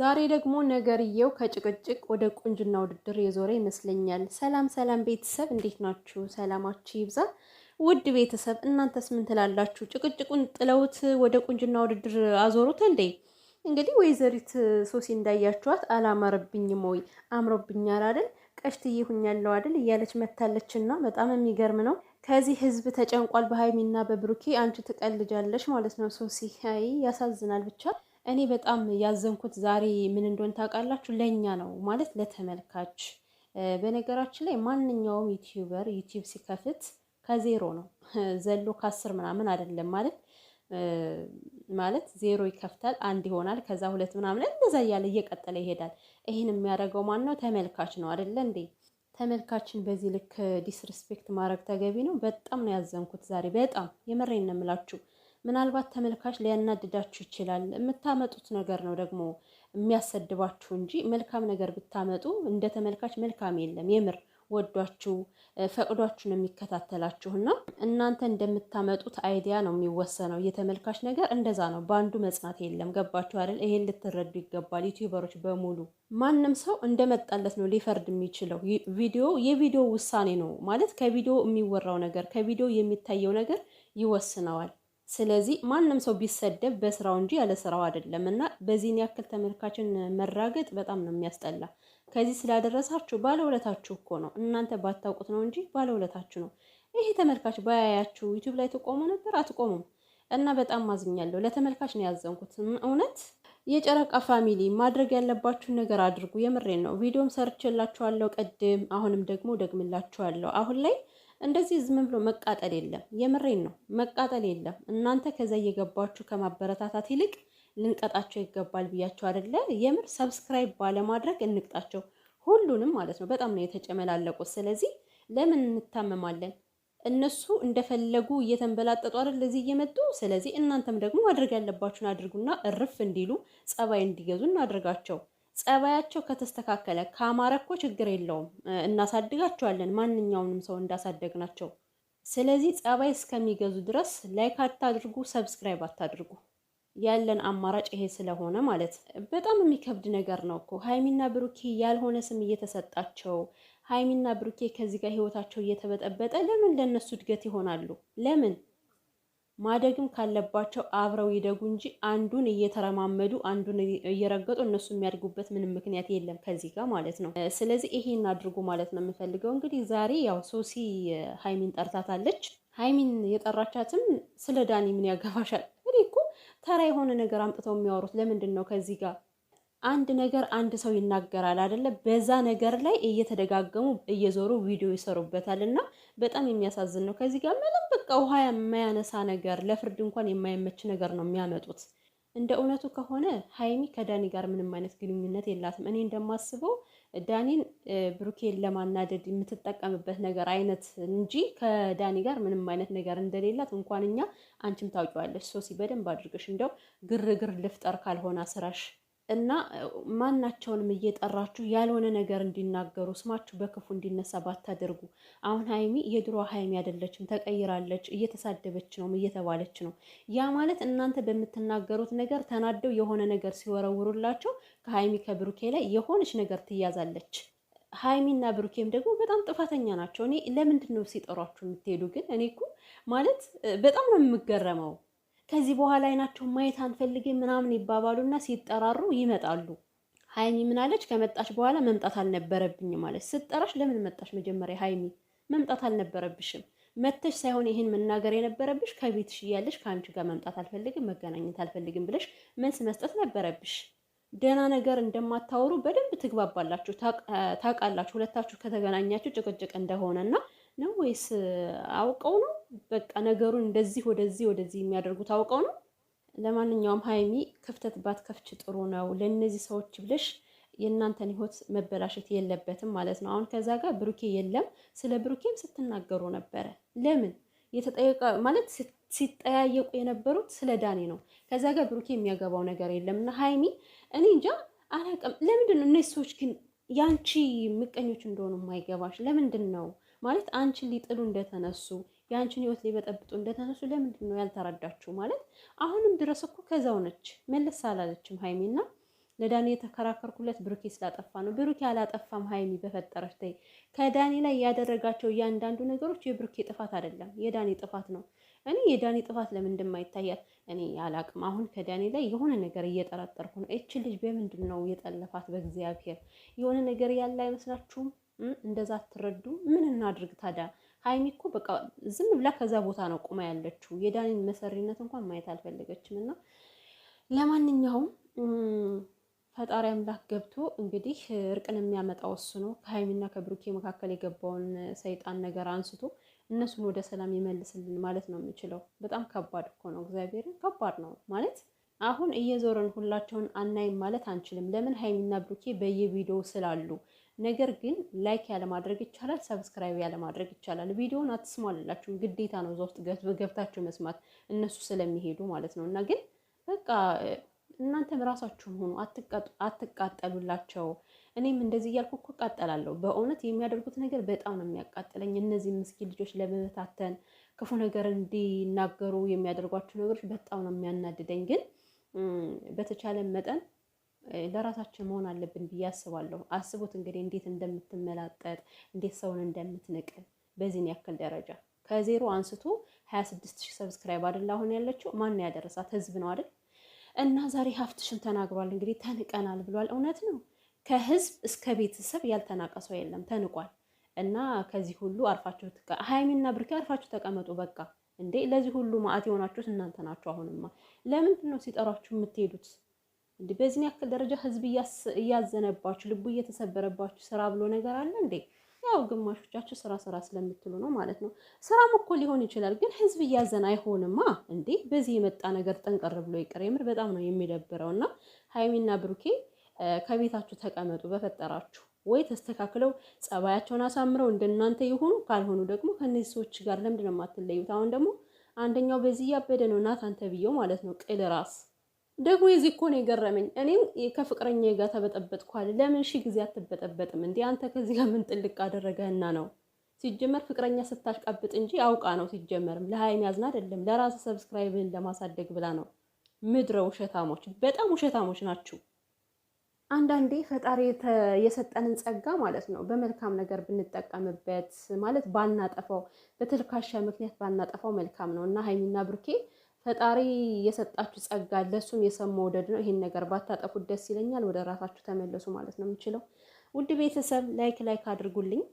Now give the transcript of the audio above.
ዛሬ ደግሞ ነገርየው ከጭቅጭቅ ወደ ቁንጅና ውድድር የዞረ ይመስለኛል። ሰላም ሰላም ቤተሰብ እንዴት ናችሁ? ሰላማችሁ ይብዛ። ውድ ቤተሰብ እናንተስ ምን ትላላችሁ? ጭቅጭቁን ጥለውት ወደ ቁንጅና ውድድር አዞሩት እንዴ? እንግዲህ ወይዘሪት ሶሲ እንዳያችኋት አላማረብኝም ወይ አምሮብኛል አይደል ቀሽትዬ ሁኛለሁ አይደል እያለች መታለችና በጣም የሚገርም ነው። ከዚህ ህዝብ ተጨንቋል። በሀይሚና በብሩኬ አንቺ ትቀልጃለሽ ማለት ነው ሶሲ። አይ ያሳዝናል ብቻ እኔ በጣም ያዘንኩት ዛሬ ምን እንደሆን ታውቃላችሁ? ለእኛ ነው ማለት ለተመልካች። በነገራችን ላይ ማንኛውም ዩቲዩበር ዩቲዩብ ሲከፍት ከዜሮ ነው ዘሎ ከአስር ምናምን አይደለም ማለት ማለት ዜሮ ይከፍታል፣ አንድ ይሆናል፣ ከዛ ሁለት ምናምን እንደዛ እያለ እየቀጠለ ይሄዳል። ይህን የሚያደርገው ማን ነው? ተመልካች ነው አይደለ እንዴ? ተመልካችን በዚህ ልክ ዲስሪስፔክት ማድረግ ተገቢ ነው? በጣም ነው ያዘንኩት ዛሬ በጣም የምሬን ነው የምላችሁ። ምናልባት ተመልካች ሊያናድዳችሁ ይችላል። የምታመጡት ነገር ነው ደግሞ የሚያሰድባችሁ እንጂ መልካም ነገር ብታመጡ እንደ ተመልካች መልካም የለም። የምር ወዷችሁ ፈቅዷችሁ ነው የሚከታተላችሁና እናንተ እንደምታመጡት አይዲያ ነው የሚወሰነው። የተመልካች ነገር እንደዛ ነው። በአንዱ መጽናት የለም። ገባችሁ አይደል? ይሄን ልትረዱ ይገባል። ዩቲዩበሮች በሙሉ ማንም ሰው እንደመጣለት ነው ሊፈርድ የሚችለው። ቪዲዮ የቪዲዮ ውሳኔ ነው ማለት ከቪዲዮ የሚወራው ነገር ከቪዲዮ የሚታየው ነገር ይወስነዋል። ስለዚህ ማንም ሰው ቢሰደብ በስራው እንጂ ያለ ስራው አይደለም እና በዚህን ያክል ተመልካችን መራገጥ በጣም ነው የሚያስጠላ። ከዚህ ስላደረሳችሁ ባለውለታችሁ እኮ ነው። እናንተ ባታውቁት ነው እንጂ ባለውለታችሁ ነው። ይሄ ተመልካች ባያያችሁ ዩቲዩብ ላይ ትቆሙ ነበር? አትቆሙም። እና በጣም አዝኛለሁ። ለተመልካች ነው ያዘንኩት እውነት። የጨረቃ ፋሚሊ ማድረግ ያለባችሁን ነገር አድርጉ። የምሬን ነው። ቪዲዮም ሰርችላችኋለሁ ቅድም፣ አሁንም ደግሞ ደግምላችኋለሁ አሁን ላይ እንደዚህ ዝም ብሎ መቃጠል የለም። የምሬን ነው፣ መቃጠል የለም። እናንተ ከዛ እየገባችሁ ከማበረታታት ይልቅ ልንቀጣቸው ይገባል ብያቸው አይደለ? የምር ሰብስክራይብ ባለማድረግ እንቅጣቸው፣ ሁሉንም ማለት ነው። በጣም ነው የተጨመላለቁት። ስለዚህ ለምን እንታመማለን? እነሱ እንደፈለጉ እየተንበላጠጡ አይደል ለዚህ እየመጡ። ስለዚህ እናንተም ደግሞ ማድረግ ያለባችሁን አድርጉና እርፍ እንዲሉ ጸባይ እንዲገዙ እናድርጋቸው። ጸባያቸው ከተስተካከለ ከአማረ እኮ ችግር የለውም፣ እናሳድጋቸዋለን ማንኛውንም ሰው እንዳሳደግናቸው። ስለዚህ ጸባይ እስከሚገዙ ድረስ ላይክ አታድርጉ፣ ሰብስክራይብ አታድርጉ። ያለን አማራጭ ይሄ ስለሆነ ማለት በጣም የሚከብድ ነገር ነው እኮ ሀይሚና ብሩኬ ያልሆነ ስም እየተሰጣቸው ሀይሚና ብሩኬ ከዚህ ጋር ህይወታቸው እየተበጠበጠ ለምን ለእነሱ እድገት ይሆናሉ? ለምን ማደግም ካለባቸው አብረው ይደጉ እንጂ አንዱን እየተረማመዱ አንዱን እየረገጡ እነሱ የሚያድጉበት ምንም ምክንያት የለም ከዚህ ጋር ማለት ነው። ስለዚህ ይሄን አድርጉ ማለት ነው የምፈልገው። እንግዲህ ዛሬ ያው ሶሲ ሀይሚን ጠርታታለች። ሀይሚን የጠራቻትም ስለ ዳኒ ምን ያገባሻል? እኮ ተራ የሆነ ነገር አምጥተው የሚያወሩት ለምንድን ነው ከዚህ ጋር አንድ ነገር አንድ ሰው ይናገራል አደለ? በዛ ነገር ላይ እየተደጋገሙ እየዞሩ ቪዲዮ ይሰሩበታል እና በጣም የሚያሳዝን ነው። ከዚህ ጋር ምንም በቃ ውሃ የማያነሳ ነገር፣ ለፍርድ እንኳን የማይመች ነገር ነው የሚያመጡት። እንደ እውነቱ ከሆነ ሀይሚ ከዳኒ ጋር ምንም አይነት ግንኙነት የላትም። እኔ እንደማስበው ዳኒን ብሩኬን ለማናደድ የምትጠቀምበት ነገር አይነት እንጂ ከዳኒ ጋር ምንም አይነት ነገር እንደሌላት እንኳን እኛ አንቺም ታውቂዋለሽ ሶሲ፣ በደንብ አድርገሽ እንደው ግርግር ልፍጠር ካልሆነ ስራሽ እና ማናቸውንም እየጠራችሁ ያልሆነ ነገር እንዲናገሩ ስማችሁ በክፉ እንዲነሳ ባታደርጉ። አሁን ሀይሚ የድሮ ሀይሚ አይደለችም፣ ተቀይራለች፣ እየተሳደበች ነው፣ እየተባለች ነው። ያ ማለት እናንተ በምትናገሩት ነገር ተናደው የሆነ ነገር ሲወረውሩላቸው ከሀይሚ ከብሩኬ ላይ የሆነች ነገር ትያዛለች። ሀይሚና ብሩኬም ደግሞ በጣም ጥፋተኛ ናቸው። እኔ ለምንድን ነው ሲጠሯችሁ የምትሄዱ? ግን እኔ እኮ ማለት በጣም ነው የምገረመው። ከዚህ በኋላ አይናቸው ማየት አንፈልግም ምናምን ይባባሉና ሲጠራሩ ይመጣሉ። ሀይሚ ምናለች? ከመጣች በኋላ መምጣት አልነበረብኝም አለች። ስጠራሽ ለምን መጣሽ? መጀመሪያ ሀይሚ መምጣት አልነበረብሽም። መተሽ ሳይሆን ይህን መናገር የነበረብሽ ከቤትሽ እያለሽ ከአንቺ ጋር መምጣት አልፈልግም፣ መገናኘት አልፈልግም ብለሽ መልስ መስጠት ነበረብሽ። ደህና ነገር እንደማታወሩ በደንብ ትግባባላችሁ፣ ታውቃላችሁ። ሁለታችሁ ከተገናኛችሁ ጭቅጭቅ እንደሆነ እና ነው ወይስ አውቀው ነው? በቃ ነገሩን እንደዚህ ወደዚህ ወደዚህ የሚያደርጉት አውቀው ነው። ለማንኛውም ሀይሚ ክፍተት ባትከፍች ጥሩ ነው። ለእነዚህ ሰዎች ብለሽ የእናንተን ህይወት መበላሸት የለበትም ማለት ነው። አሁን ከዛ ጋር ብሩኬ የለም። ስለ ብሩኬም ስትናገሩ ነበረ። ለምን የተጠየቀ ማለት ሲጠያየቁ የነበሩት ስለ ዳኔ ነው። ከዛ ጋር ብሩኬ የሚያገባው ነገር የለም እና ሀይሚ እኔ እንጃ አላውቅም። ለምንድን ነው እነዚህ ሰዎች ግን የአንቺ ምቀኞች እንደሆኑ የማይገባሽ ለምንድን ነው? ማለት አንቺን ሊጥሉ እንደተነሱ የአንቺን ህይወት ሊበጠብጡ እንደተነሱ ለምንድን ነው ያልተረዳችሁ? ማለት አሁንም ድረስ እኮ ከዛው ነች፣ መለስ አላለችም ሀይሚና ለዳኒ የተከራከርኩለት ብሩኬ ስላጠፋ ነው። ብሩኬ አላጠፋም። ሀይሚ በፈጠረች ተይ። ከዳኒ ላይ ያደረጋቸው እያንዳንዱ ነገሮች የብሩኬ ጥፋት አይደለም፣ የዳኒ ጥፋት ነው። እኔ የዳኒ ጥፋት ለምን እንደማይታያል እኔ አላቅም። አሁን ከዳኒ ላይ የሆነ ነገር እየጠረጠርኩ ነው። እች ልጅ በምንድን ነው የጠለፋት? በእግዚአብሔር የሆነ ነገር ያለ አይመስላችሁም? እንደዛ አትረዱ። ምን እናድርግ ታዲያ? ሀይሚ እኮ በቃ ዝም ብላ ከዛ ቦታ ነው ቁማ ያለችው። የዳኒን መሰሪነት እንኳን ማየት አልፈለገችም። እና ለማንኛውም ፈጣሪ አምላክ ገብቶ እንግዲህ እርቅን የሚያመጣው እሱ ነው። ከሀይሚና ከብሩኬ መካከል የገባውን ሰይጣን ነገር አንስቶ እነሱን ወደ ሰላም ይመልስልን ማለት ነው የምችለው። በጣም ከባድ እኮ ነው፣ እግዚአብሔርን ከባድ ነው ማለት አሁን እየዞረን ሁላቸውን አናይም ማለት አንችልም። ለምን ሀይሚና ብሩኬ በየቪዲዮ ስላሉ ነገር ግን ላይክ ያለማድረግ ይቻላል፣ ሰብስክራይብ ያለማድረግ ይቻላል። ቪዲዮን አትስሙ ግዴታ ነው እዛ ውስጥ ገብታችሁ መስማት እነሱ ስለሚሄዱ ማለት ነው። እና ግን በቃ እናንተም ራሳችሁም ሆኑ አትቃጠሉላቸው። እኔም እንደዚህ እያልኩ እኮ እቃጠላለሁ። በእውነት የሚያደርጉት ነገር በጣም ነው የሚያቃጥለኝ። እነዚህ ምስኪን ልጆች ለመበታተን ክፉ ነገር እንዲናገሩ የሚያደርጓቸው ነገሮች በጣም ነው የሚያናድደኝ። ግን በተቻለ መጠን ለራሳችን መሆን አለብን ብዬ አስባለሁ። አስቡት እንግዲህ እንዴት እንደምትመላጠጥ እንዴት ሰውን እንደምትንቅ በዚህን ያክል ደረጃ ከዜሮ አንስቶ 26 ሺህ ሰብስክራይብ አይደል አሁን ያለችው? ማን ያደረሳት ህዝብ ነው አይደል? እና ዛሬ ሀፍትሽን ተናግሯል እንግዲህ ተንቀናል ብሏል። እውነት ነው። ከህዝብ እስከ ቤተሰብ ያልተናቀ ሰው የለም፣ ተንቋል። እና ከዚህ ሁሉ አርፋችሁ ሀይሚና ብርኬ አርፋችሁ ተቀመጡ በቃ። እንዴ ለዚህ ሁሉ ማዕት የሆናችሁት እናንተ ናችሁ። አሁንማ ለምንድን ነው ሲጠሯችሁ የምትሄዱት? እንዲህ በዚህን ያክል ደረጃ ህዝብ እያዘነባችሁ ልቡ እየተሰበረባችሁ ስራ ብሎ ነገር አለ እንዴ? ያው ግማሾቻችሁ ስራ ስራ ስለምትሉ ነው ማለት ነው። ስራም እኮ ሊሆን ይችላል፣ ግን ህዝብ እያዘን አይሆንማ እንዴ። በዚህ የመጣ ነገር ጠንቀር ብሎ ይቅር። የምር በጣም ነው የሚደብረው። እና ሀይሚና ብሩኬ ከቤታችሁ ተቀመጡ በፈጠራችሁ ወይ ተስተካክለው ጸባያቸውን አሳምረው እንደናንተ የሆኑ ካልሆኑ ደግሞ ከእነዚህ ሰዎች ጋር ለምንድን ነው የማትለዩት? አሁን ደግሞ አንደኛው በዚህ እያበደ ነው። እናት አንተ ብየው ማለት ነው ቅል ራስ ደግሞ የዚህ እኮ ነው የገረመኝ። እኔም ከፍቅረኛ ጋር ተበጠበጥኳል። ለምን ሺ ጊዜ አትበጠበጥም? እንዲ አንተ ከዚህ ጋር ምን ጥልቅ አደረገህና ነው? ሲጀመር ፍቅረኛ ስታሽቀብጥ እንጂ አውቃ ነው። ሲጀመርም ለሀይን ያዝን አይደለም ለራስ ሰብስክራይብን ለማሳደግ ብላ ነው። ምድረ ውሸታሞች፣ በጣም ውሸታሞች ናችሁ። አንዳንዴ ፈጣሪ የሰጠንን ጸጋ ማለት ነው በመልካም ነገር ብንጠቀምበት ማለት ባናጠፋው፣ በትልካሻ ምክንያት ባናጠፋው መልካም ነው እና ሀይሚና ብሩኬ ፈጣሪ የሰጣችሁ ጸጋ ለሱ የሰው መውደድ ነው። ይሄን ነገር ባታጠፉት ደስ ይለኛል። ወደ ራሳችሁ ተመለሱ ማለት ነው የምችለው። ውድ ቤተሰብ ላይክ ላይክ አድርጉልኝ።